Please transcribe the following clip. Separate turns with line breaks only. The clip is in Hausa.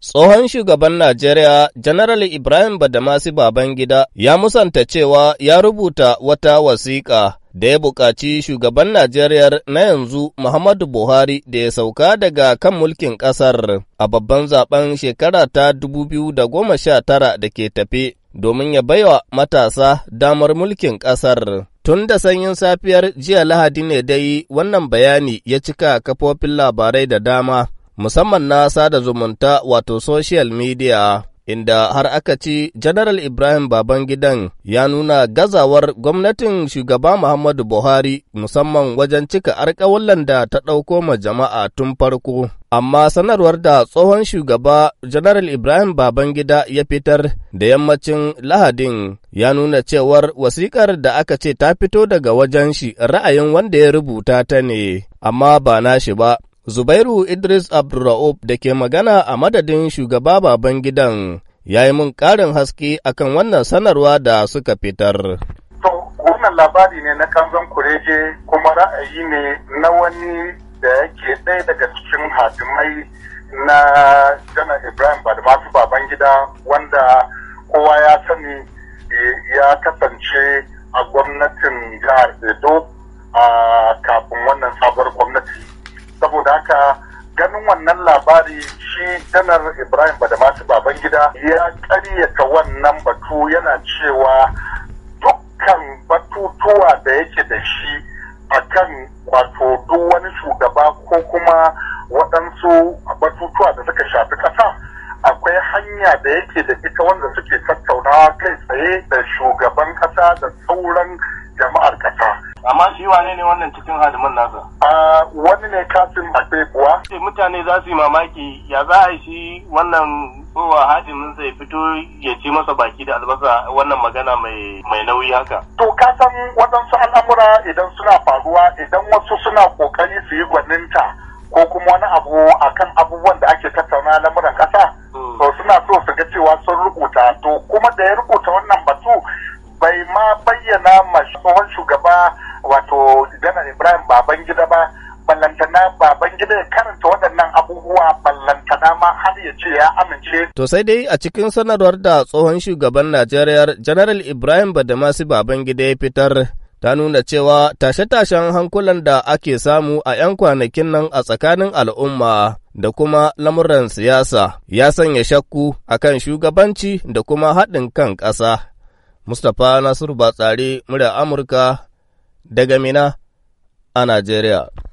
Tsohon shugaban Najeriya, General Ibrahim Badamasi Babangida ya musanta cewa ya rubuta wata wasiƙa da ya buƙaci shugaban Najeriya na yanzu Muhammadu Buhari da ya sauka daga kan mulkin ƙasar a babban zaben shekara ta 2019 da ke tafe domin ya baiwa matasa damar mulkin ƙasar. Tun da sanyin safiyar jiya Lahadi ne dai wannan bayani ya cika kafofin labarai da dama. musamman na sada zumunta wato social media inda har aka ci General Ibrahim Babangidan ya nuna gazawar gwamnatin shugaba Muhammadu Buhari musamman wajen cika arkawallan da ta ɗauko ma jama'a tun farko. Amma sanarwar da tsohon shugaba General Ibrahim Babangida ya fitar da yammacin Lahadin ya nuna cewar wasikar da aka ce ta fito daga wajen shi ra'ayin wanda ya rubuta ta ne, amma ba nashi ba. Zubairu Idris Abdurra'ub da ke magana a madadin shugaba baban gidan ya yi mun ƙarin haske akan wannan sanarwa da suka fitar. To,
wannan labari ne na kanzon Kureje, kuma ra'ayi ne na wani da yake ɗaya daga cikin hadimai na Jana Ibrahim Badmatu gida wanda kowa ya sani eh, ya kasance a gwamnatin jihar ganin wannan labari shi janar ibrahim baban gida ya karyata wannan batu yana cewa dukkan batutuwa da yake da shi akan wato duk wani shugaba ko kuma waɗansu batutuwa da suka shafi ƙasa akwai hanya da yake da ita wanda suke tattaunawa kai tsaye da shugaban ƙasa da sauran jama'ar ƙasa amma shi wane ne wannan cikin hadimin nasa wani ne kuwa? akwebuwa. mutane za su yi mamaki ya za a
shi wannan haɗin hajimin sai fito ya ci masa baki da albasa wannan magana mai mai nauyi haka.
to ka san waɗansu al'amura idan suna faruwa idan wasu suna kokari su yi gwaninta ko kuma wani abu akan abubuwan da ake tattauna lamuran ƙasa. Hmm. to suna so su ga cewa sun rubuta to kuma da ya rubuta wannan batu bai ma bayyana ma tsohon shugaba wato janar ibrahim babangida ba ballantana baban ya karanta waɗannan abubuwa ballantana ma har ya ce ya
amince. To sai dai a cikin sanarwar da tsohon shugaban Najeriya General Ibrahim Badamasi Babangida ya fitar ta nuna cewa tashe-tashen hankulan da ake samu a 'yan kwanakin nan a tsakanin al'umma da kuma lamuran siyasa ya sanya shakku a kan shugabanci da kuma haɗin kan ƙasa. Mustapha Nasiru Batsari, murya Amurka, daga Mina a Najeriya.